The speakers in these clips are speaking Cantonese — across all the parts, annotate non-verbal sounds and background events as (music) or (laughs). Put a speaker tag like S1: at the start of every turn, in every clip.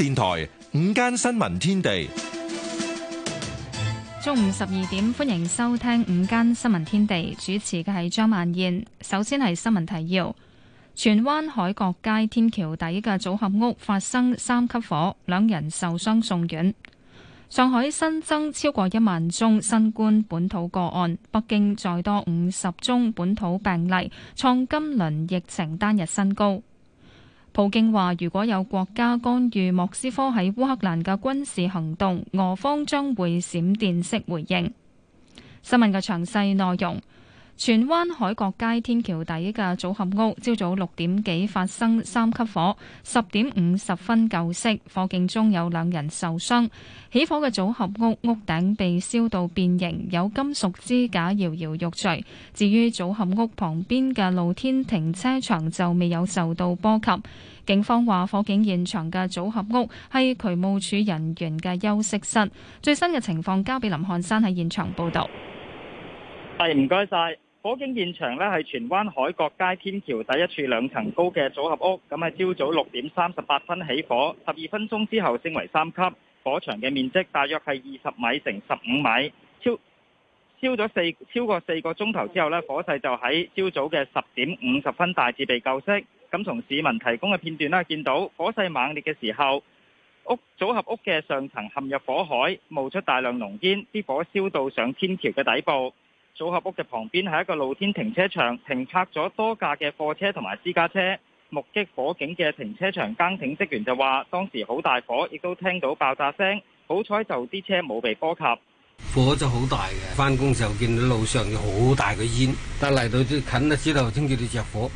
S1: 電台午間新聞天
S2: 地，
S3: 中午十二點，歡迎收聽午間新聞天地，主持嘅係張曼燕。首先係新聞提要：荃灣海角街天橋底嘅組合屋發生三級火，兩人受傷送院。上海新增超過一萬宗新冠本土個案，北京再多五十宗本土病例，創今輪疫情單日新高。普京話：如果有國家干預莫斯科喺烏克蘭嘅軍事行動，俄方將會閃電式回應。新聞嘅詳細內容。荃灣海角街天橋底嘅組合屋，朝早六點幾發生三級火，十點五十分救熄，火警中有兩人受傷。起火嘅組合屋屋頂被燒到變形，有金屬支架搖搖搖欲墜。至於組合屋旁邊嘅露天停車場就未有受到波及。警方話火警現場嘅組合屋係渠務署人員嘅休息室。最新嘅情況交俾林漢山喺現場報導。
S4: 係
S5: 唔該曬。謝謝。火警現場咧係荃灣海角街天橋第一處兩層高嘅組合屋，咁喺朝早六點三十八分起火，十二分鐘之後升為三級。火場嘅面積大約係二十米乘十五米，超燒燒咗四超過四個鐘頭之後咧，火勢就喺朝早嘅十點五十分大致被救熄。咁從市民提供嘅片段咧，見到火勢猛烈嘅時候，屋組合屋嘅上層陷入火海，冒出大量濃煙，啲火燒到上天橋嘅底部。組合屋嘅旁邊係一個露天停車場，停泊咗多架嘅貨車同埋私家車。目擊火警嘅停車場更亭職員就話：當時好大火，亦都聽到爆炸聲，好彩就啲車冇被波及。
S6: 火就好大嘅，翻工時候見到路上有好大嘅煙，但嚟到最近嘅時候，天橋你着火，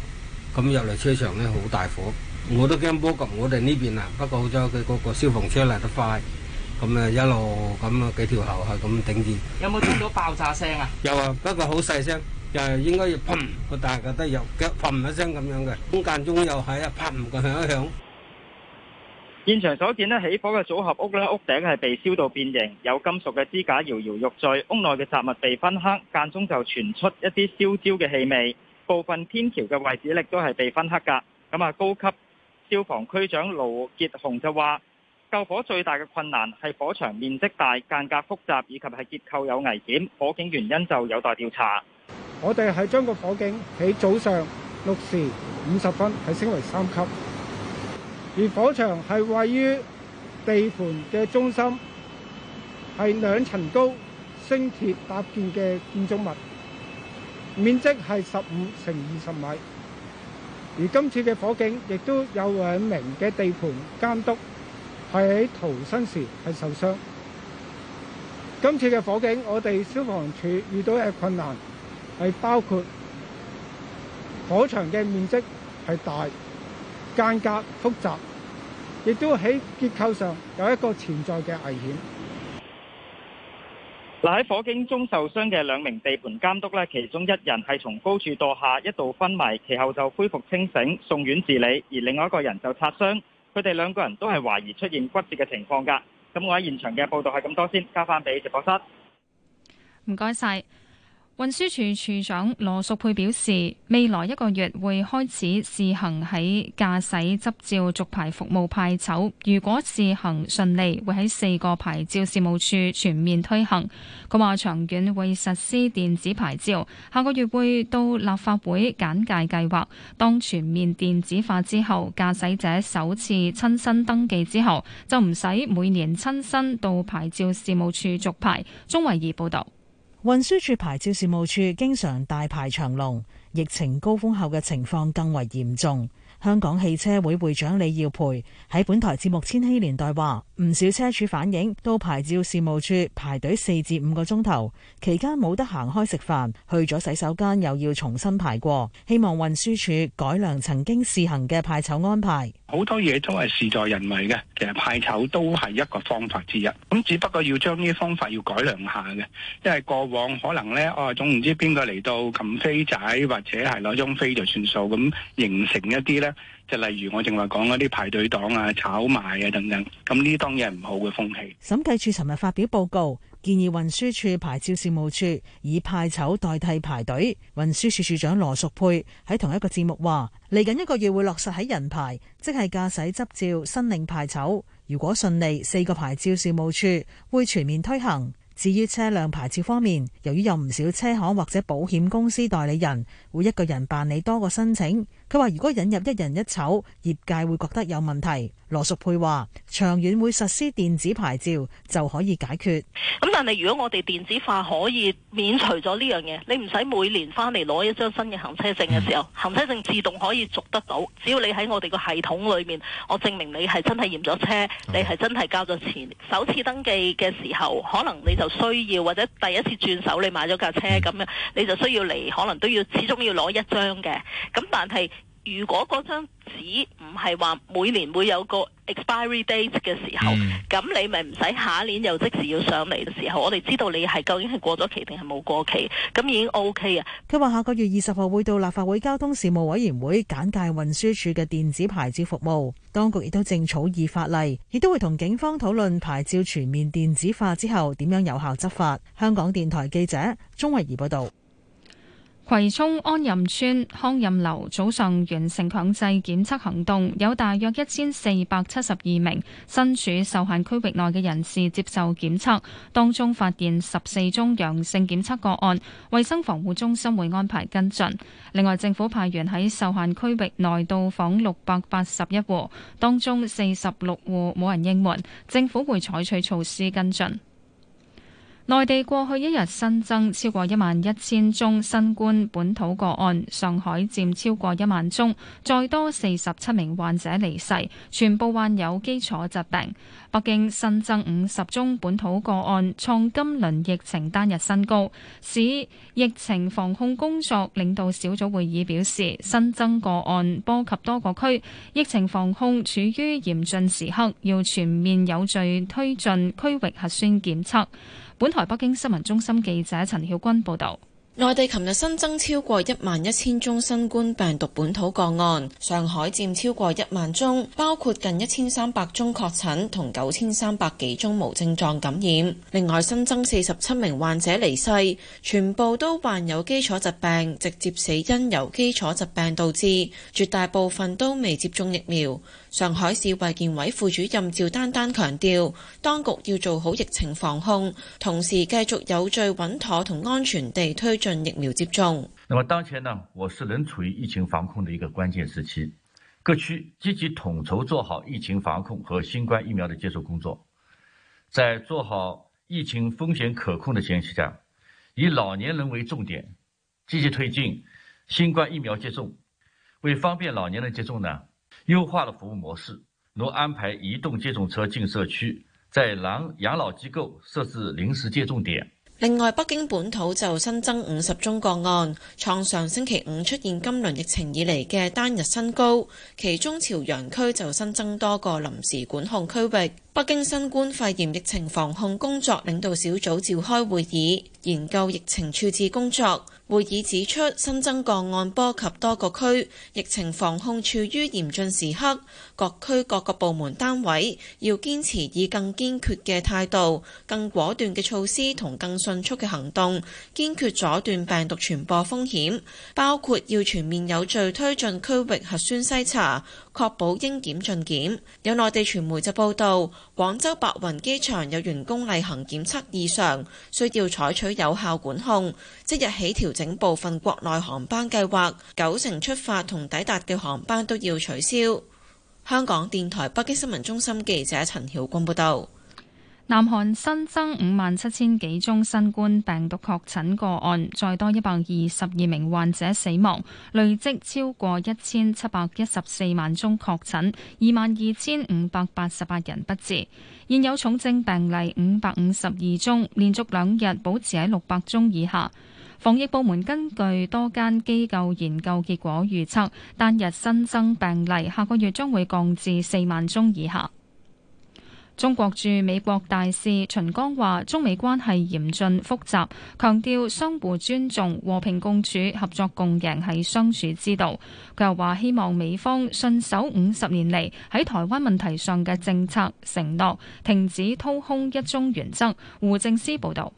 S6: 咁入嚟車場咧好大火，我都驚波及我哋呢邊啊，不過好在佢嗰個消防車嚟得快。咁啊，一路咁啊，幾條喉係咁頂住。有冇聽到爆炸聲啊？有啊，不過好細聲，又、就係、應該要砰個大個得入，嘭噗一聲咁樣嘅。中間中又係啊，唔個響一響。現場所見呢，起火嘅組合屋咧，屋頂
S5: 係被燒到變形，有金屬嘅支架搖搖欲墜，屋內嘅雜物被熏黑，間中就傳出一啲燒焦嘅氣味。部分天橋嘅位置咧都係被熏黑噶。咁啊，高級消防區長盧傑雄就話。救火最大嘅困難係火場面積大、間隔複雜，以及係結構有危險，火警原因就有待調查。
S2: 我哋係將個火警喺早上六時五十分係升為三級。而火場係位於地盤嘅中心，係兩層高、升鐵搭建嘅建築物，面積係十五乘二十米。而今次嘅火警亦都有兩名嘅地盤監督。喺逃生時係受傷。今次嘅火警，我哋消防處遇到嘅困難係包括火場嘅面積係大、間隔複雜，亦都喺結構上有一個潛在嘅危
S7: 險。
S5: 嗱，喺火警中受傷嘅兩名地盤監督咧，其中一人係從高處墮下，一度昏迷，其後就恢復清醒，送院治理，而另外一個人就擦傷。佢哋兩個人都係懷疑出現骨折嘅情況㗎，咁我喺現場嘅報道係咁多先，交翻俾直播室。
S3: 唔該晒。運輸署署長羅淑佩表示，未來一個月會開始試行喺駕駛執照續牌服務派籌，如果試行順利，會喺四個牌照事務處全面推行。佢話：長遠會實施電子牌照，下個月會到立法會簡介計劃。當全面電子化之後，駕駛者首次親身登記之後，就唔使每年親身
S4: 到牌照事務處續牌。鍾慧儀報導。運輸處牌照事務處經常大排長龍，疫情高峰後嘅情況更為嚴重。香港汽車會會長李耀培喺本台節目《千禧年代》話，唔少車主反映到牌照事務處排隊四至五個鐘頭，期間冇得行開食飯，去咗洗手間又要重新排過。希望運輸處改良曾經試行嘅派籌安排。
S6: 好多嘢都係事在人為嘅，其實派籌都係一個方法之一，咁只不過要將呢啲方法要改良下嘅，因為過往可能呢，哦，總唔知邊個嚟到撳飛仔或者係攞張飛就算數，咁形成一啲呢。就例如我正話講嗰啲排隊檔啊、炒賣啊等等，咁呢啲當然係唔好嘅風氣。
S4: 審計處尋日發表報告，建議運輸處牌照事務處以派籌代替排隊。運輸署，署署長羅淑佩喺同一個節目話：嚟緊一個月會落實喺人牌，即係駕駛執照申領派籌。如果順利，四個牌照事務處會全面推行。至於車輛牌照方面，由於有唔少車行或者保險公司代理人會一個人辦理多個申請。佢話：如果引入一人一籌，業界會覺得有問題。羅淑佩話：長遠會實施電子牌照就可以解決。
S8: 咁但係如果我哋電子化可以免除咗呢樣嘢，你唔使每年返嚟攞一張新嘅行車證嘅時候， (noise) 行車證自動可以續得到。只要你喺我哋個系統裏面，我證明你係真係驗咗車，你係真係交咗錢。首次登記嘅時候，可能你就需要，或者第一次轉手你買咗架車咁樣， (noise) 你就需要嚟，可能都要始終要攞一張嘅。咁但係。如果嗰張紙唔係話每年會有個 expiry date 嘅時候，咁、嗯、你咪唔使下一年又即時要上嚟嘅時候，我哋知道你係究竟係過咗期定係冇過期，咁已經 OK 啊！
S4: 佢話下個月二十號會到立法會交通事務委員會簡介運輸署嘅電子牌照服務，當局亦都正草擬法例，亦都會同警方討論牌照全面電子化之後點樣有效執法。香港電台記者鍾慧儀報道。
S3: 葵涌安蔭邨康蔭樓早上完成強制檢測行動，有大約一千四百七十二名身處受限區域內嘅人士接受檢測，當中發現十四宗陽性檢測個案，衛生防護中心會安排跟進。另外，政府派員喺受限區域內到訪六百八十一戶，當中四十六戶冇人應門，政府會採取措施跟進。內地過去一日新增超過一萬一千宗新冠本土個案，上海佔超過一萬宗，再多四十七名患者離世，全部患有基礎疾病。北京新增五十宗本土個案，創今輪疫情單日新高。市疫情防控工作領導小組會議表示，新增個案波及多個區，疫情防控處於嚴峻時刻，要全面有序推進區
S9: 域核酸檢測。本台北京新聞中心記者陳曉君報道。內地琴日新增超過一萬一千宗新冠病毒本土個案，上海佔超過一萬宗，包括近一千三百宗確診同九千三百幾宗無症狀感染。另外新增四十七名患者離世，全部都患有基礎疾病，直接死因由基礎疾病導致，絕大部分都未接種疫苗。上海市衛健委副主任趙丹丹強調，當局要做好疫情防控，同時繼續有序、穩妥同安全地推。進疫苗接種。
S6: 那麼當前呢，我市仍處於疫情防控的一個關鍵時期，各區積極統籌做好疫情防控和新冠疫苗的接種工作，在做好疫情風險可控的前提下，以老年人為重點，積極推進新冠疫苗接種。為方便老年人接種呢，優化了服務模式，如安排移動接種車進社區，在老養老機構設置臨時接種點。
S9: 另外，北京本土就新增五十宗個案，創上星期五出現今輪疫情以嚟嘅單日新高。其中，朝陽區就新增多個臨時管控區域。北京新冠肺炎疫情防控工作領導小組召開會議，研究疫情處置工作。會議指出，新增個案波及多個區，疫情防控處於嚴峻時刻。各區、各個部門單位要堅持以更堅決嘅態度、更果斷嘅措施同更迅速嘅行動，堅決阻斷病毒傳播風險。包括要全面有序推進區域核酸篩查，確保應檢盡檢。有內地傳媒就報道，廣州白雲機場有員工例行檢測異常，需要採取有效管控。即日起調整部分國內航班計劃，九成出發同抵達嘅航班都要取消。香港電台北京新聞中心記者陳曉君報道：
S3: 南韓新增五萬七千幾宗新冠病毒確診個案，再多一百二十二名患者死亡，累積超過一千七百一十四萬宗確診，二萬二千五百八十八人不治。現有重症病例五百五十二宗，連續兩日保持喺六百宗以下。防疫部門根據多間機構研究結果預測，單日新增病例下個月將會降至四萬宗以下。中國駐美國大使秦剛話：中美關係嚴峻複雜，強調相互尊重、和平共處、合作共贏係相處之道。佢又話：希望美方信守五十年嚟喺台灣問題上嘅政策承諾，停止掏空一
S8: 中原則。胡正思報導。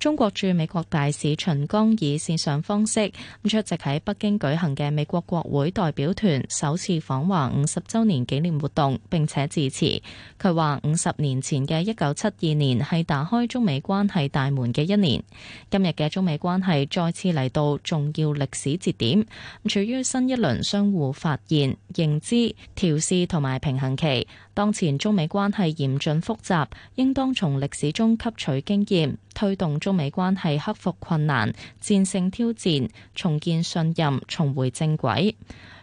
S8: 中國駐美國大使秦剛以線上方式出席喺北京舉行嘅美國國會代表團首次訪華五十周年紀念活動，並且致辭。佢話：五十年前嘅一九七二年係打開中美關係大門嘅一年，今日嘅中美關係再次嚟到重要歷史節點，處於新一輪相互發現、認知、調試同埋平衡期。當前中美關係嚴峻複雜，應當從歷史中吸取經驗，推動中美關係克服困難、戰勝挑戰、重建信任、重回正軌。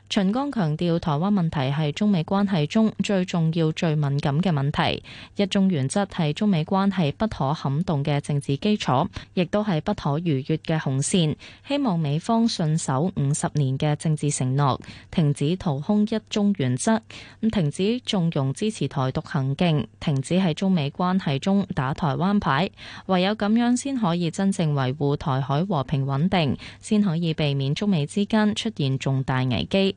S8: 秦剛強調，台灣問題係中美關係中最重要、最敏感嘅問題。一中原則係中美關係不可撼動嘅政治基礎，亦都係不可逾越嘅紅線。希望美方信守五十年嘅政治承諾，停止掏空一中原則，咁停止縱容支持台獨行徑，停止喺中美關係中打台灣牌。唯有咁樣先可以真正維護台海和平穩定，先可以避免中美之間出現重大危機。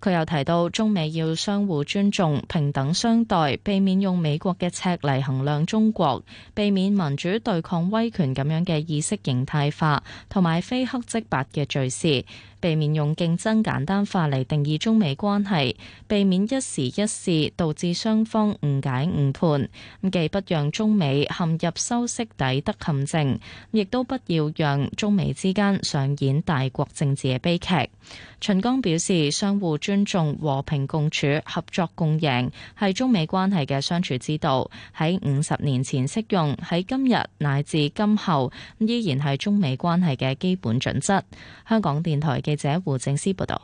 S8: 佢又提到，中美要相互尊重、平等相待，避免用美國嘅尺嚟衡量中國，避免民主對抗威權咁樣嘅意識形態化，同埋非黑即白嘅敘事，避免用競爭簡單化嚟定義中美關係，避免一時一事導致雙方誤解誤判，既不讓中美陷入修昔底德陷阱，亦都不要讓中美之間上演大國政治嘅悲劇，秦剛表示，相互。尊重、和平共處、合作共贏，係中美關係嘅相處之道，喺五十年前適用，喺今日乃至今後依然係中美關係嘅基本準則，香港電台記者胡正思報道。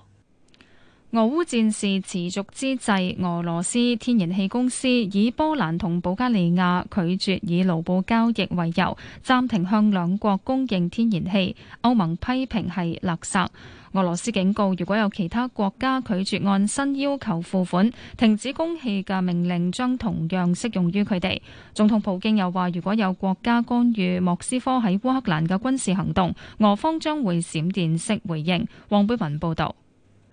S3: 俄烏戰事持續之際，俄羅斯天然氣公司以波蘭同保加利亞拒絕以盧布交易為由，暫停向兩國供應天然氣。歐盟批評係勒索。俄羅斯警告，如果有其他國家拒絕按新要求付款、停止供氣嘅命令，將同樣適用於佢哋。總統普京又話，如果有國家干預莫斯科喺烏克蘭嘅軍事行動，俄方將會閃電式回應。王貝文報導。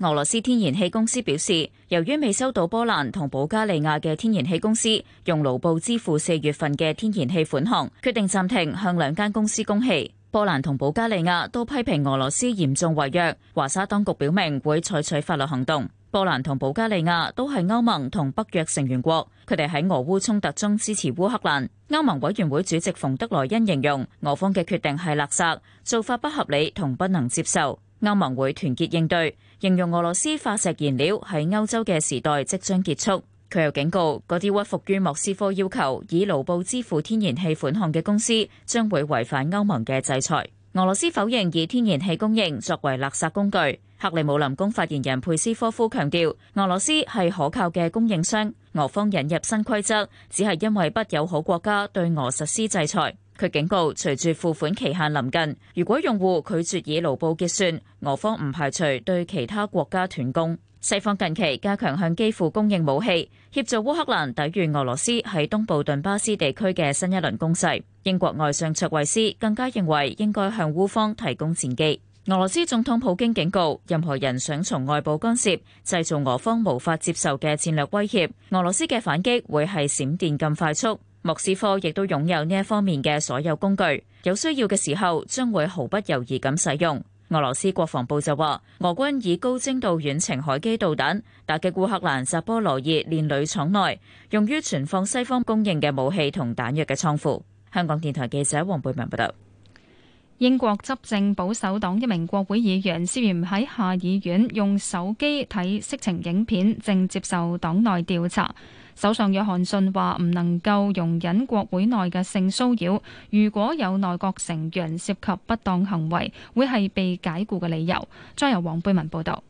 S7: 俄羅斯天然氣公司表示，由於未收到波蘭同保加利亞嘅天然氣公司用盧布支付四月份嘅天然氣款項，決定暫停向兩間公司供氣。波蘭同保加利亞都批評俄羅斯嚴重違約。華沙當局表明會採取法律行動。波蘭同保加利亞都係歐盟同北約成員國，佢哋喺俄烏衝突中支持烏克蘭。歐盟委員會主席馮德萊恩形容俄方嘅決定係勒索，做法不合理同不能接受。歐盟會團結應對。形容俄羅斯化石燃料喺歐洲嘅時代即將結束。佢又警告，嗰啲屈服於莫斯科要求以盧布支付天然氣款項嘅公司將會違反歐盟嘅制裁。俄羅斯否認以天然氣供應作為勒索工具。克里姆林宮發言人佩斯科夫強調，俄羅斯係可靠嘅供應商。俄方引入新規則，只係因為不友好國家對俄實施制裁。佢警告，隨住付款期限臨近，如果用戶拒絕以盧布結算，俄方唔排除對其他國家斷供。西方近期加強向基輔供應武器，協助烏克蘭抵禦俄羅斯喺東部頓巴斯地區嘅新一輪攻勢，英國外相卓慧思更加認為應該向烏方提供戰機。俄羅斯總統普京警告，任何人想從外部干涉，製造俄方無法接受嘅戰略威脅，俄羅斯嘅反擊會係閃電咁快速。莫斯科亦都擁有呢一方面嘅所有工具，有需要嘅時候將會毫不猶豫咁使用。俄羅斯國防部就話，俄軍以高精度遠程海基導彈打擊烏克蘭扎波羅熱煉鋁廠內，用於存放西方供應嘅武器同彈藥嘅倉庫。香港電台記者黃貝文報道。
S3: 英國執政保守黨一名國會議員涉嫌喺下議院用手機睇色情影片，正接受黨內調查。首相約翰遜話唔能夠容忍國會內嘅性騷擾，如果有內閣成員涉及不當行為，會係被解僱嘅理由。再由黃貝文報道。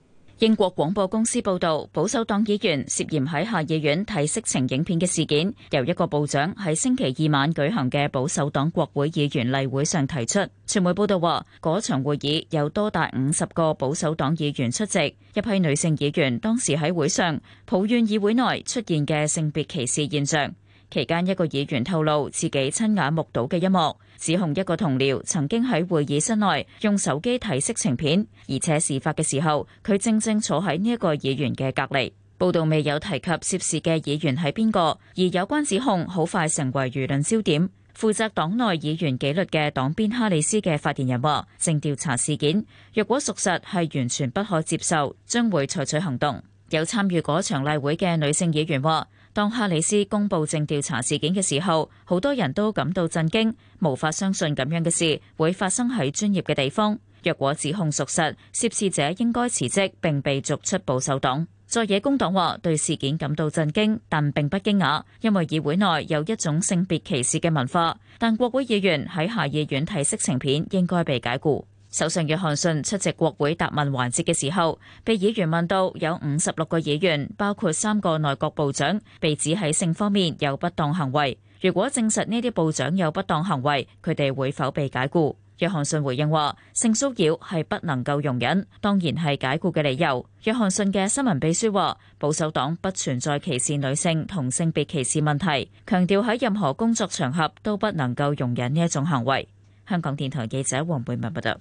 S7: 英國廣播公司報道，保守黨議員涉嫌喺下議院睇色情影片嘅事件，由一個部長喺星期二晚舉行嘅保守黨國會議員例會上提出。傳媒報道話，嗰場會議有多達五十個保守黨議員出席，一批女性議員當時喺會上抱怨議會內出現嘅性別歧視現象。期間，一個議員透露自己親眼目睹嘅一幕。指控一個同僚曾經喺會議室內用手機睇色情片，而且事發嘅時候佢正正坐喺呢一個議員嘅隔離。報道未有提及涉事嘅議員係邊個，而有關指控好快成為輿論焦點。負責黨內議員紀律嘅黨鞭哈里斯嘅發言人話：正調查事件，若果屬實係完全不可接受，將會採取行動。有參與嗰場例會嘅女性議員話。當哈里斯公布正調查事件嘅時候，好多人都感到震驚，無法相信咁樣嘅事會發生喺專業嘅地方。若果指控屬實，涉事者應該辭職並被逐出保守黨。在野工黨話對事件感到震驚，但並不驚訝，因為議會內有一種性別歧視嘅文化。但國會議員喺下議院睇色情片應該被解雇。首相約翰遜出席國會答問環節嘅時候，被議員問到有五十六個議員，包括三個內閣部長，被指喺性方面有不當行為。如果證實呢啲部長有不當行為，佢哋會否被解僱？約翰遜回應話：性騷擾係不能夠容忍，當然係解僱嘅理由。約翰遜嘅新聞秘書話：保守黨不存在歧視女性同性別歧視問題，強調喺任何工作場合都不能夠容忍呢一種行為。香港電台記者黃貝文報道。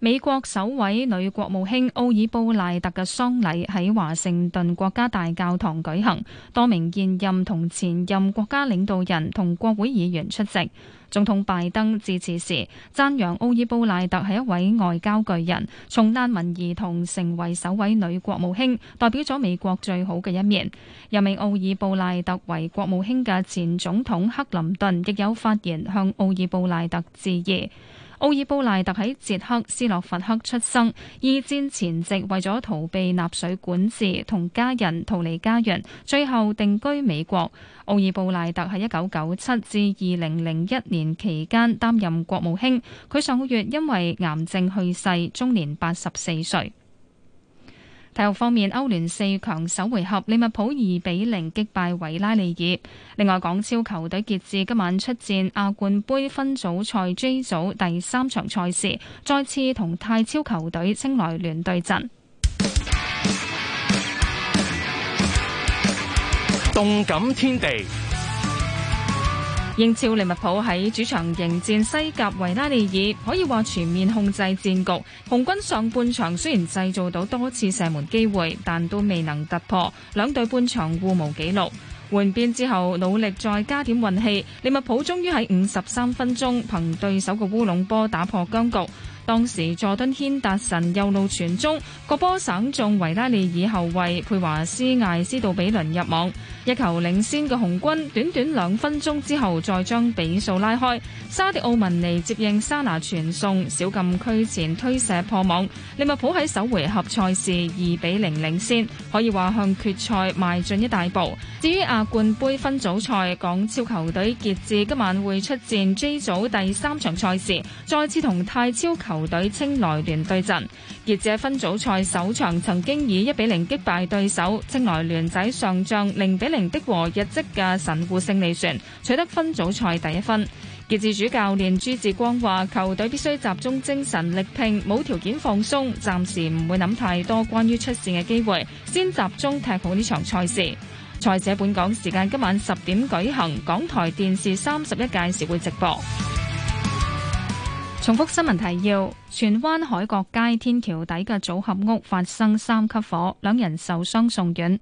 S7: 美國
S3: 首位女國務卿奧爾布賴特嘅喪禮喺華盛頓國家大教堂舉行，多名現任同前任國家領導人同國會議員出席。總統拜登致辭時讚揚奧爾布賴特係一位外交巨人，從難民兒童成為首位女國務卿，代表咗美國最好嘅一面。任命奧爾布賴特為國務卿嘅前總統克林頓亦有發言向奧爾布賴特致意。奧爾布賴特喺捷克斯洛伐克出生，二戰前夕為咗逃避納粹管治，同家人逃離家園，最後定居美國。奧爾布賴特喺一九九七至二零零一年期間擔任國務卿，佢上個月因為癌症去世，終年八十四歲。體育方面，歐聯四強首回合，利物浦二比零擊敗維拉利爾。另外，港超球隊傑志今晚出戰亞冠盃分組賽 J 組第三場賽事，再次同泰超球隊清萊聯對陣。
S1: 動感天地。
S3: 英超利物浦喺主場迎戰西甲維拉利爾，可以話全面控制戰局。紅軍上半場雖然製造到多次射門機會，但都未能突破，兩隊半場互無紀錄。換邊之後，努力再加點運氣，利物浦終於喺五十三分鐘憑對手個烏龍波打破僵局。當時佐敦軒達臣右路傳中，個波省中維拉利爾後衞佩華斯艾斯杜比倫入網，一球領先嘅紅軍短短兩分鐘之後再將比數拉開。沙迪奧文尼接應沙拿傳送，小禁區前推射破網。利物浦喺首回合賽事二比零領先，可以話向決賽邁進一大步。至於亞冠杯分組賽港超球隊傑志今晚會出戰 J 組第三場賽事，再次同泰超球球隊青來聯對陣，傑志分組賽首場曾經以一比零擊敗對手青來聯仔上將零比零逼和日職嘅神戶勝利船，取得分組賽第一分。傑志主教練朱志光話：球隊必須集中精神力拼，冇條件放鬆，暫時唔會諗太多關於出線嘅機會，先集中踢好呢場賽事。賽者本港時間今晚十點舉行，港台電視三十一屆時會直播。重複新聞提要：荃灣海角街天橋底嘅組合屋發生三級火，兩人受傷送院。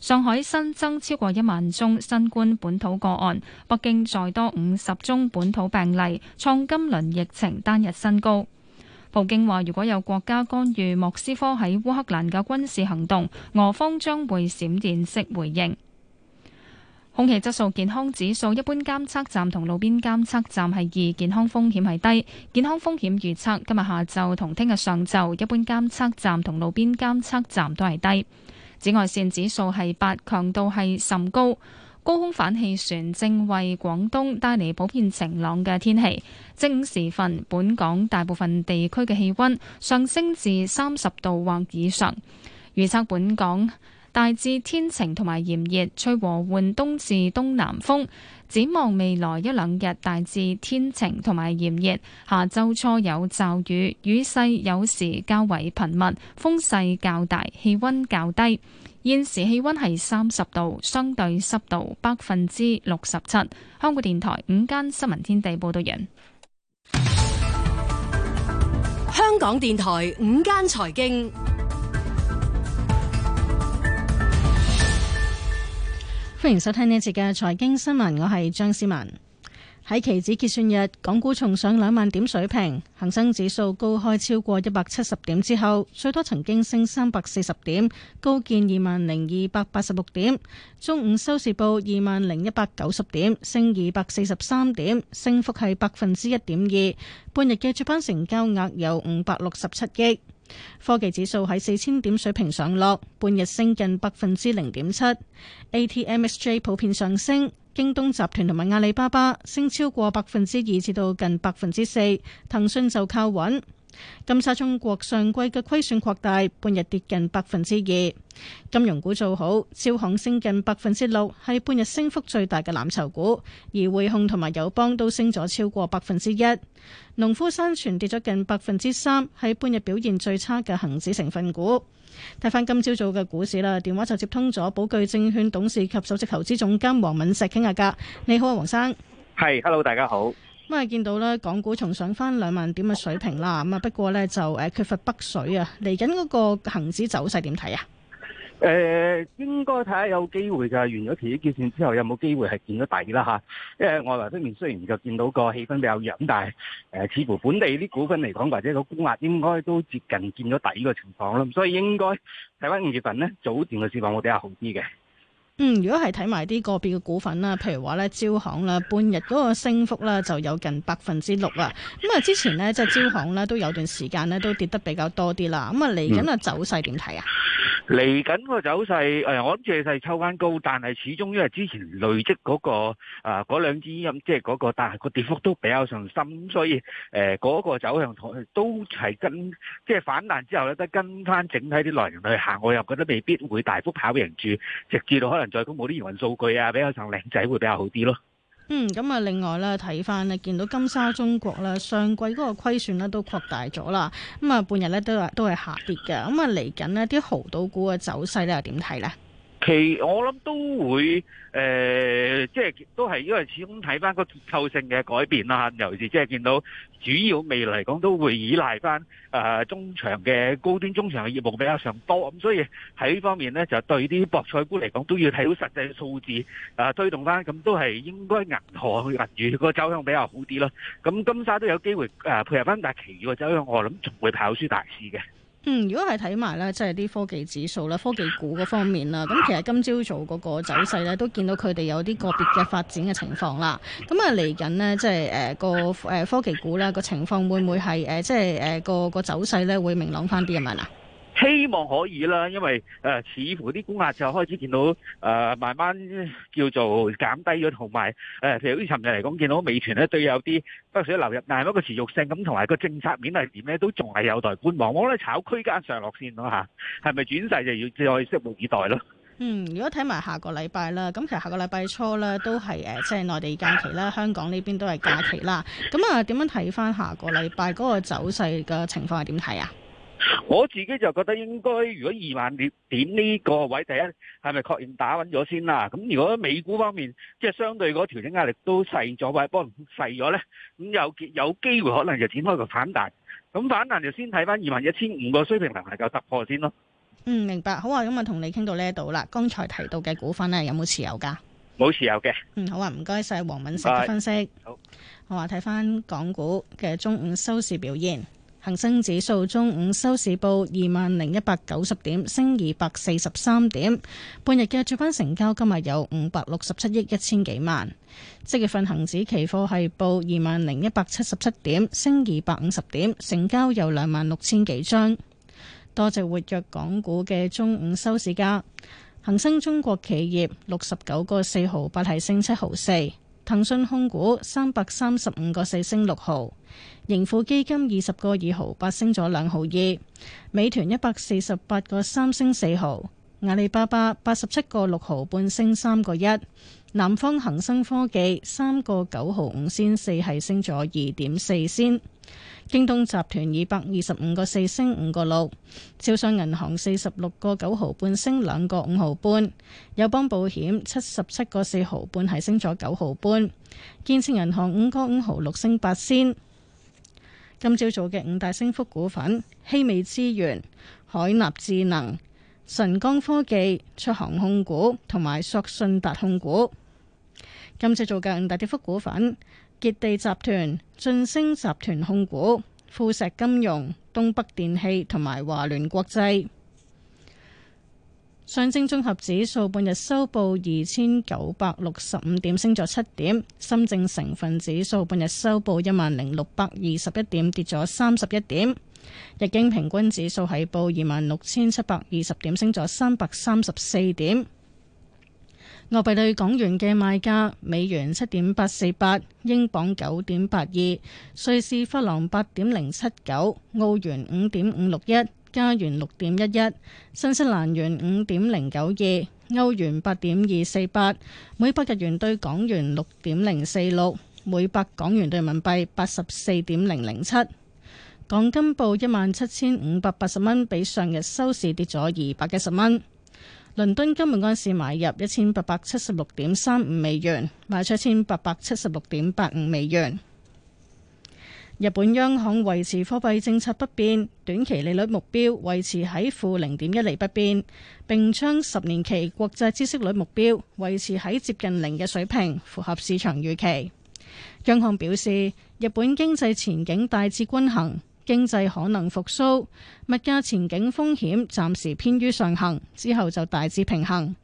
S3: 上海新增超過一萬宗新冠本土個案，北京再多五十宗本土病例，創今輪疫情單日新高。普京話：如果有國家干預莫斯科喺烏克蘭嘅軍事行動，俄方將會閃電式回應。空氣質素健康指數，一般監測站同路邊監測站係二，健康風險係低。健康風險預測今日下晝同聽日上晝，一般監測站同路邊監測站都係低。紫外線指數係八，強度係甚高。高空反氣旋正為廣東帶嚟普遍晴朗嘅天氣。正午時分，本港大部分地區嘅氣溫上升至三十度或以上。預測本港，大致天晴同埋炎熱，吹和緩東至東南風。展望未來一兩日，大致天晴同埋炎熱，下周初有驟雨，雨勢有時較為頻密，風勢較大，氣溫較低。現時氣溫係三十度，相對濕度百分之六十七。香港電台午間新聞天地報道員。香港電台
S10: 午間財經。歡迎收聽呢一節嘅財經新聞，我係張思文。喺期指結算日，港股重上兩萬點水平，恒生指數高開超過一百七十點之後，最多曾經升三百四十點，高見二萬零二百八十六點。中午收市報二萬零一百九十點，升二百四十三點，升幅係百分之一點二。半日嘅主板成交額有五百六十七億。科技指數喺四千點水平上落，半日升近百分之零點七。A T M S J 普遍上升，京東集團同埋阿里巴巴升超過百分之二至到近百分之四，騰訊就靠穩。金沙中國上季嘅虧損擴大，半日跌近百分之二。金融股做好，招行升近百分之六，係半日升幅最大嘅藍籌股。而匯控同埋友邦都升咗超過百分之一。農夫山泉跌咗近百分之三，係半日表現最差嘅恒指成分股。睇返今朝早嘅股市啦，電話就接通咗寶鉅證券董事及首席投資總監黃敏石傾下偈。你好啊，黃生。
S6: 係，hello，大家好。
S10: 咁啊，見到咧，港股重上翻兩萬點嘅水平啦。咁啊，不過咧就誒缺乏北水啊，嚟緊嗰個恒指走勢點睇啊？
S6: 誒、呃，
S10: 應該睇
S6: 下有機會噶。完咗期指結算之後，有冇機會係見到底啦？吓，因為外圍方面雖然就見到個氣氛比較弱，咁但係誒、呃、似乎本地啲股份嚟講，或者個沽壓應該都接近見咗底嘅情況啦。所以應該睇翻五月份咧，早段嘅市況會比較好啲嘅。
S10: 嗯，如果係睇埋啲個別嘅股份啦，譬如話咧，招行啦，半日嗰個升幅咧就有近百分之六啦。咁啊，之前咧即係招行咧都有段時間咧都跌得比較多啲啦。咁啊，嚟緊個走勢點睇啊？
S6: 嚟緊個走勢誒，我諗借勢抽翻高，但係始終因為之前累積嗰、那個啊兩支陰，即係嗰個，但係個跌幅都比較上深，所以誒嗰、呃那個走向都係跟即係、就是、反彈之後咧，都跟翻整體啲內容去行。我又覺得未必會大幅跑贏住，直至到可能。再咁冇啲營運數據啊，比較上靚仔會比較好啲咯。
S10: 嗯，咁啊，另外咧睇翻咧，見到金沙中國咧，上季嗰個虧損咧都擴大咗啦。咁啊，半日咧都都係下跌嘅。咁啊，嚟緊呢啲豪賭股嘅走勢咧又點睇咧？
S6: 其我諗都會誒、呃，即係都係，因為始終睇翻個結構性嘅改變啦，尤其是即係見到主要未來嚟講都會依賴翻誒中場、嘅高端中場嘅業務比較上多，咁所以喺呢方面咧就對啲博彩股嚟講都要睇好實際數字誒、啊、推動翻，咁都係應該銀河、銀娛個走向比較好啲咯。咁金沙都有機會誒、呃、配合翻，但係其餘個走向我諗仲會跑輸大市嘅。
S10: 嗯，如果係睇埋咧，即係啲科技指數啦，科技股嗰方面啦，咁其實今朝早嗰個走勢咧，都見到佢哋有啲個別嘅發展嘅情況啦。咁啊，嚟緊呢，即係誒個誒科技股咧個情況會唔會係誒、呃、即係誒、呃、個個走勢咧會明朗翻啲係咪？啊？
S6: 希望可以啦，因為誒、呃，似乎啲沽壓就開始見到誒、呃，慢慢叫做減低咗，同埋誒，譬、呃、如好似尋日嚟講見到美團咧，對有啲北水流入，但係一個持續性咁，同埋個政策面係點咧，都仲係有待觀望。我咧炒區間上落線咯吓，係咪轉勢就要再拭目以待咯？嗯，
S10: 如果睇埋下個禮拜啦，咁其實下個禮拜初咧都係誒，即係內地期 (laughs) 假期啦，香港呢邊都係假期啦。咁啊，點樣睇翻下個禮拜嗰個走勢嘅情況係點睇啊？
S6: 我自己就覺得應該，如果二萬點呢個位，第一係咪確認打穩咗先啦、啊？咁如果美股方面，即係相對嗰個調整壓力都細咗，或者幫細咗咧，咁有有機會可能就展開個反彈。咁反彈就先睇翻，二萬一千五個水平能唔能夠，突破先咯？
S10: 嗯，明白。好啊，今日同你傾到呢一度啦。剛才提到嘅股份咧，有冇持有噶？
S6: 冇持有嘅。
S10: 嗯，好啊，唔該晒黃敏成嘅分析。Bye. 好。我話睇翻港股嘅中午收市表現。恒生指數中午收市報二萬零一百九十點，升二百四十三點。半日嘅主板成交今日有五百六十七億一千幾萬。即月份恒指期貨係報二萬零一百七十七點，升二百五十點，成交有兩萬六千幾張。多隻活躍港股嘅中午收市價，恒生中國企業六十九個四毫八，係升七毫四。騰訊控股三百三十五個四升六毫，盈富基金二十個二毫八升咗兩毫二，美團一百四十八個三升四毫。阿里巴巴八十七個六毫半升三個一，南方恒生科技三個九毫五仙四係升咗二點四仙，京東集團二百二十五個四升五個六，招商銀行四十六個九毫半升兩個五毫半，友邦保險七十七個四毫半係升咗九毫半，建設銀行五個五毫六升八仙。今朝早嘅五大升幅股份：希美資源、海納智能。晨光科技、出行控股、同埋索信達控股，今次做嘅五大跌幅股份：杰地集團、晉升集團控股、富石金融、東北電器同埋華聯國際。上證綜合指數半日收報二千九百六十五點，升咗七點；深證成分指數半日收報一萬零六百二十一點，跌咗三十一點。日經平均指數係報二萬六千七百二十點，升咗三百三十四點。外幣對港元嘅賣價：美元七點八四八，英鎊九點八二，瑞士法郎八點零七九，澳元五點五六一，加元六點一一，新西蘭元五點零九二，歐元八點二四八，每百日元兌港元六點零四六，每百港元兌人民幣八十四點零零七。港金報一萬七千五百八十蚊，比上日收市跌咗二百一十蚊。倫敦金每盎司買入一千八百七十六點三五美元，賣出一千八百七十六點八五美元。日本央行維持貨幣政策不變，短期利率目標維持喺負零點一厘不變，並將十年期國債孳息率目標維持喺接近零嘅水平，符合市場預期。央行表示，日本經濟前景大致均衡。經濟可能復甦，物價前景風險暫時偏於上行，之後就大致平衡。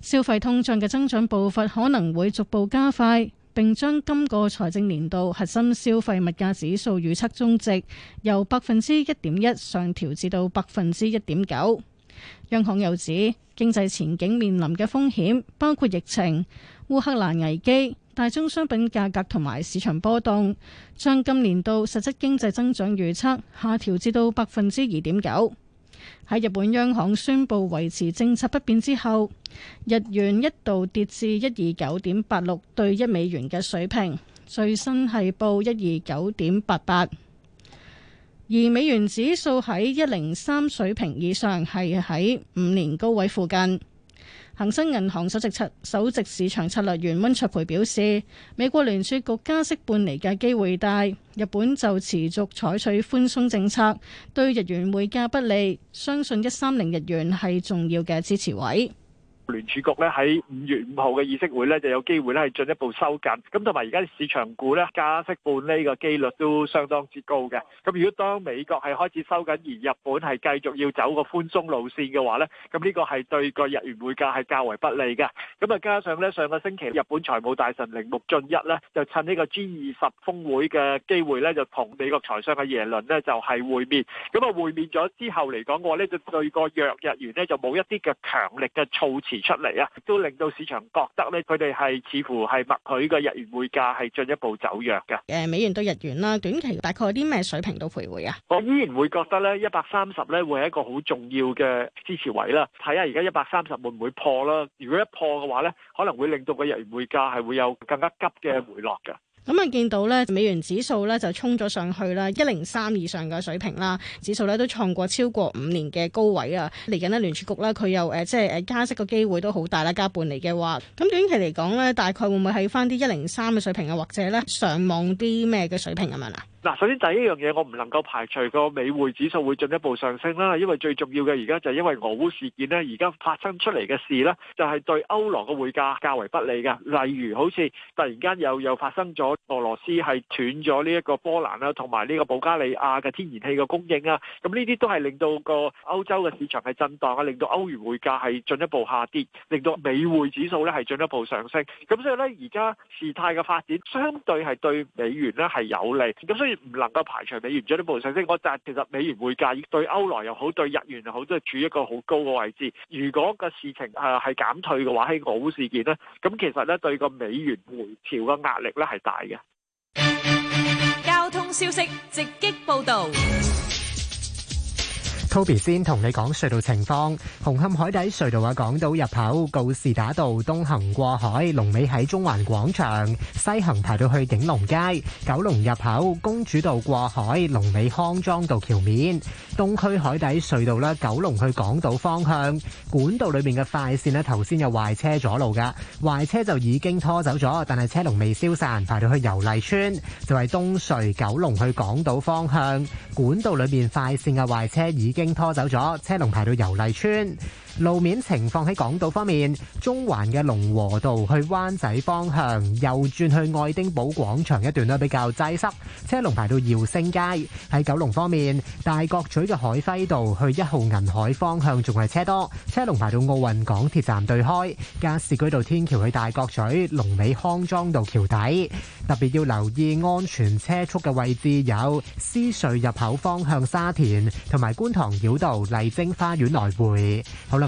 S10: 消費通脹嘅增長步伐可能會逐步加快，並將今個財政年度核心消費物價指數預測中值由百分之一點一上調至到百分之一點九。央行又指，經濟前景面臨嘅風險包括疫情、烏克蘭危機。大宗商品價格同埋市場波動，將今年度實質經濟增長預測下調至到百分之二點九。喺日本央行宣布維持政策不變之後，日元一度跌至一二九點八六對一美元嘅水平，最新係報一二九點八八，而美元指數喺一零三水平以上，係喺五年高位附近。恒生銀行首席策首席市場策略員温卓培表示，美國聯儲局加息半釐嘅機會大，日本就持續採取寬鬆政策，對日元匯價不利，相信一三零日元係重要嘅支持位。
S1: 聯儲局咧喺五月五號嘅議息會呢，就有機會呢，係進一步收緊，咁同埋而家啲市場股呢，加息半厘嘅幾率都相當之高嘅。咁如果當美國係開始收緊而日本係繼續要走個寬鬆路線嘅話呢，咁呢個係對個日元匯價係較為不利嘅。咁啊加上呢，上個星期日本財務大臣鈴木俊一呢，就趁呢個 G 二十峰會嘅機會呢，就同美國財相嘅耶倫呢，就係會面，咁啊會面咗之後嚟講嘅話咧，就對個弱日元呢，就冇一啲嘅強力嘅措辭。出嚟啊，都令到市場覺得咧，佢哋係似乎係默許個日元匯價係進一步走弱
S10: 嘅。誒，美元對日元啦，短期大概啲咩水平度徘徊啊？
S1: 我依然會覺得咧，一百三十咧會係一個好重要嘅支持位啦。睇下而家一百三十會唔會破啦？如果一破嘅話咧，可能會令到個日元匯價係會有更加急嘅回落嘅。嗯
S9: 咁啊、嗯，見
S10: 到咧美元指數咧就衝咗上去啦，一零三以上嘅水平啦，指數咧都創過超過五年嘅高位啊！嚟緊咧聯儲局咧佢又誒、呃、即係誒加息嘅機會都好大啦，加半釐嘅話，咁、嗯、短期嚟講咧大概會唔會喺返啲一零三嘅水平啊，或者咧上望啲咩嘅水平咁樣啊？
S1: 嗱，首先第一樣嘢，我唔能夠排除個美匯指數會進一步上升啦。因為最重要嘅，而家就係因為俄烏事件咧，而家發生出嚟嘅事咧，就係對歐羅嘅匯價較為不利嘅。例如好似突然間又又發生咗俄羅斯係斷咗呢一個波蘭啦，同埋呢個保加利亞嘅天然氣嘅供應啊。咁呢啲都係令到個歐洲嘅市場係震盪啊，令到歐元匯價係進一步下跌，令到美匯指數咧係進一步上升。咁所以咧，而家事態嘅發展相對係對美元咧係有利。咁所以。唔能夠排除美元做啲部署，即係我就係其實美元匯價對歐元又好，對日元又好，都係處於一個好高嘅位置。如果個事情係減退嘅話，喺俄烏事件咧，咁其實呢，對個美元回調嘅壓力呢係大嘅。
S8: 交通消息，直擊報導。
S11: Bobby 先同你講隧道情況，紅磡海底隧道啊，港島入口告士打道東行過海，龍尾喺中環廣場；西行排到去景隆街，九龍入口公主道過海，龍尾康莊道橋面。東區海底隧道咧，九龍去港島方向管道裏面嘅快線咧，頭先有壞車阻路噶，壞車就已經拖走咗，但係車龍未消散，排到去油麗村，就係東隧九龍去港島方向管道裏面快線嘅壞車已經。拖走咗，車龍排到油麗村。路面情況喺港島方面，中環嘅龍和道去灣仔方向右轉去愛丁堡廣場一段咧比較擠塞，車龍排到耀星街；喺九龍方面，大角咀嘅海輝道去一號銀海方向仲係車多，車龍排到奧運港鐵站對開、加士居道天橋去大角咀、龍尾康莊道橋底。特別要留意安全車速嘅位置有獅隧入口方向沙田同埋觀塘繞道麗晶花園來回。好啦。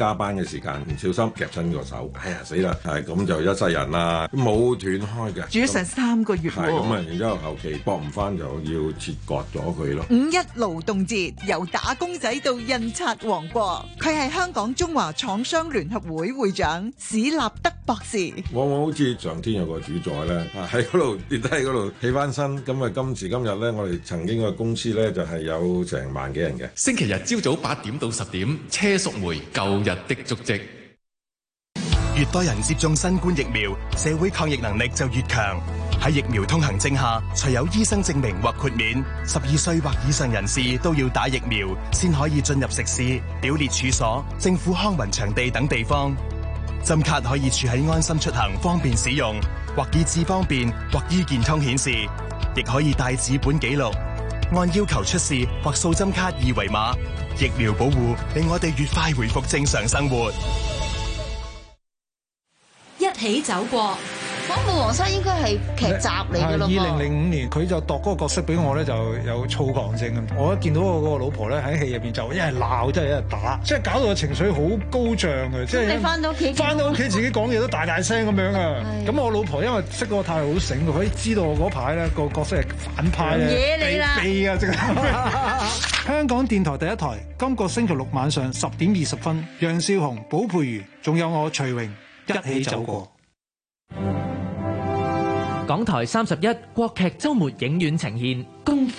S1: 加班嘅時間唔小心夾親個手，哎呀死啦！係咁就一世人啦，冇斷開嘅，住咗
S9: 成三個月喎。係
S1: 咁啊，然之後後期搏唔翻就要切割咗佢咯。
S11: 五一勞動節，由打
S4: 工仔到印刷王國，佢係香港中華廠商聯合會會長史立德博士。
S1: 往往好似上天有個主宰咧，啊喺嗰度跌低，嗰度起翻身。咁啊，今時今日咧，我哋曾經嘅公司咧就係有成萬幾人嘅。星期日朝早八點到十點，車淑梅舊日的足跡，越多人接種新冠疫苗，社會抗疫能力就越強。喺疫苗通行證下，除有醫生證明或豁免，十二歲或以上人士都要打疫苗，先可以進入食肆、表列處所、政府康文場地等地方。針卡可以儲喺安心出行方便使用，或易置方便，或醫健通顯示，亦可以帶紙本記錄。按要求出示或掃針卡二維碼，疫苗保護令我哋越快回復正常生活，
S9: 一起走過。嗯，《武皇生應該係劇集嚟噶咯。二零
S2: 零五年佢就度嗰個角色俾我咧，就有躁狂症。我一見到我嗰個老婆咧喺戲入邊就一係鬧，真係一係打，即、就、係、是、搞到個情緒好高漲嘅。
S8: 即係翻到屋企，翻到
S7: 屋
S1: 企自己講嘢都大大聲咁樣啊。咁 (laughs) 是、嗯、我老婆因為識個太好醒，佢可以知道我嗰排咧個角色係反派。惹你啦！避啊！即刻 (laughs) (laughs) 香港電台第一台，今個星期六晚上十點二十分，楊少雄、寶佩如，仲有我徐榮，榮一起走過。 (music) 港台三十一國劇周末影院呈現《功勳》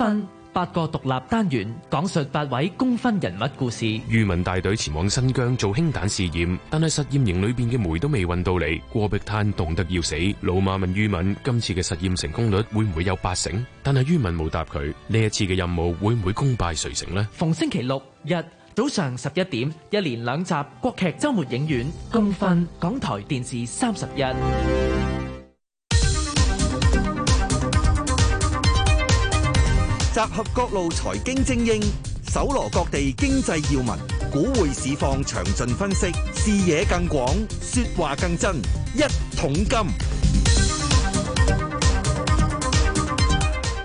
S1: 八個獨立單元，講述八位功勳人物故事。于敏帶隊前往新疆做氫彈試驗，但係實驗營裏邊嘅煤都未運到嚟，戈壁灘凍得要死。老馬問于敏：今次嘅實驗成功率會唔會有八成？但係于敏冇答佢。呢一次嘅任務會唔會功敗垂成呢？逢星期六日早上十一點，一連兩集國劇周末影院《功勳》，港台電視三十一。
S6: 集合各路財經精英，搜羅各地經濟要聞，股匯市況詳盡分析，視野更廣，說
S2: 話更真。一桶金。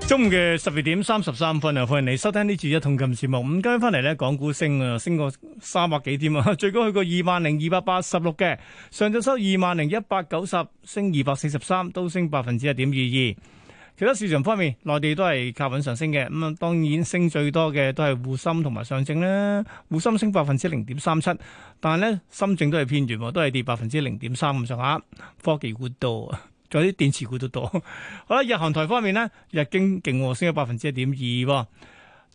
S2: 中午嘅十二點三十三分啊，歡迎你收聽呢次一桶金節目。五間翻嚟咧，港股升啊，升過三百幾點啊，最高去過二萬零二百八十六嘅，上晝收二萬零一百九十，升二百四十三，都升百分之一點二二。其他市場方面，內地都係靠穩上升嘅，咁、嗯、啊當然升最多嘅都係滬深同埋上證啦。滬深升百分之零點三七，但係咧深證都係偏軟，都係跌百分之零點三咁上下，科技股多，仲有啲電池股都多。 (laughs) 好，日韓台方面咧，日經勁喎，升咗百分之一點二喎。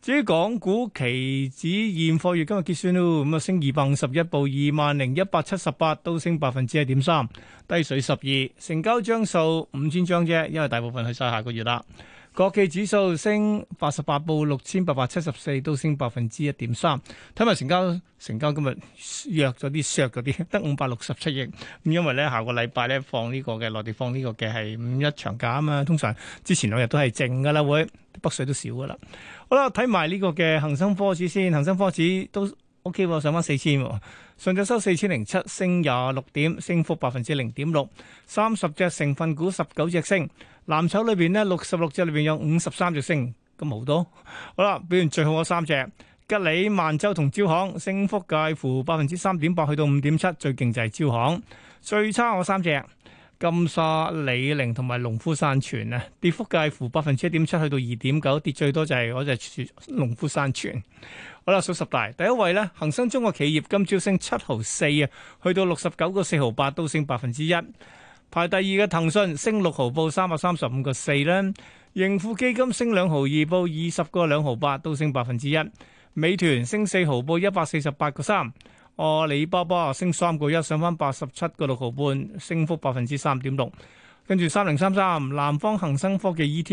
S2: 至於港股期指現貨月今日結算咯，咁啊升二百五十一，報二萬零一百七十八，都升百分之一點三，低水十二，成交張數五千張啫，因為大部分去晒下個月啦。國企指數升八十八報六千八百七十四，都升百分之一點三。睇埋成交，成交今日弱咗啲，削咗啲，得五百六十七億。咁因為咧，下個禮拜咧放呢個嘅內地放呢個嘅係五一長假啊嘛，通常之前兩日都係靜噶啦，會北水都少噶啦。好啦，睇埋呢個嘅恒生科指先，恒生科指都。O.K.，上翻四千，上隻收四千零七，升廿六點，升幅百分之零點六，三十隻成分股，十九隻升，藍籌裏邊呢，六十六隻裏邊有五十三隻升，咁好多。好啦，表現最好嗰三隻，吉利、萬洲同招行，升幅介乎百分之三點八去到五點七，7, 最勁就係招行，最差嗰三隻。金沙、李寧同埋農夫山泉啊，跌幅介乎百分之一點七去到二點九，跌最多就係嗰隻農夫山泉。好啦，數十大第一位咧，恒生中國企業今朝升七毫四啊，去到六十九個四毫八，都升百分之一。排第二嘅騰訊升六毫報三百三十五個四咧，盈富基金升兩毫二報二十個兩毫八，都升百分之一。美團升四毫報一百四十八個三。阿里巴巴升三個一，上翻八十七個六毫半，升幅百分之三點六，跟住三零三三南方恒生科技 ET。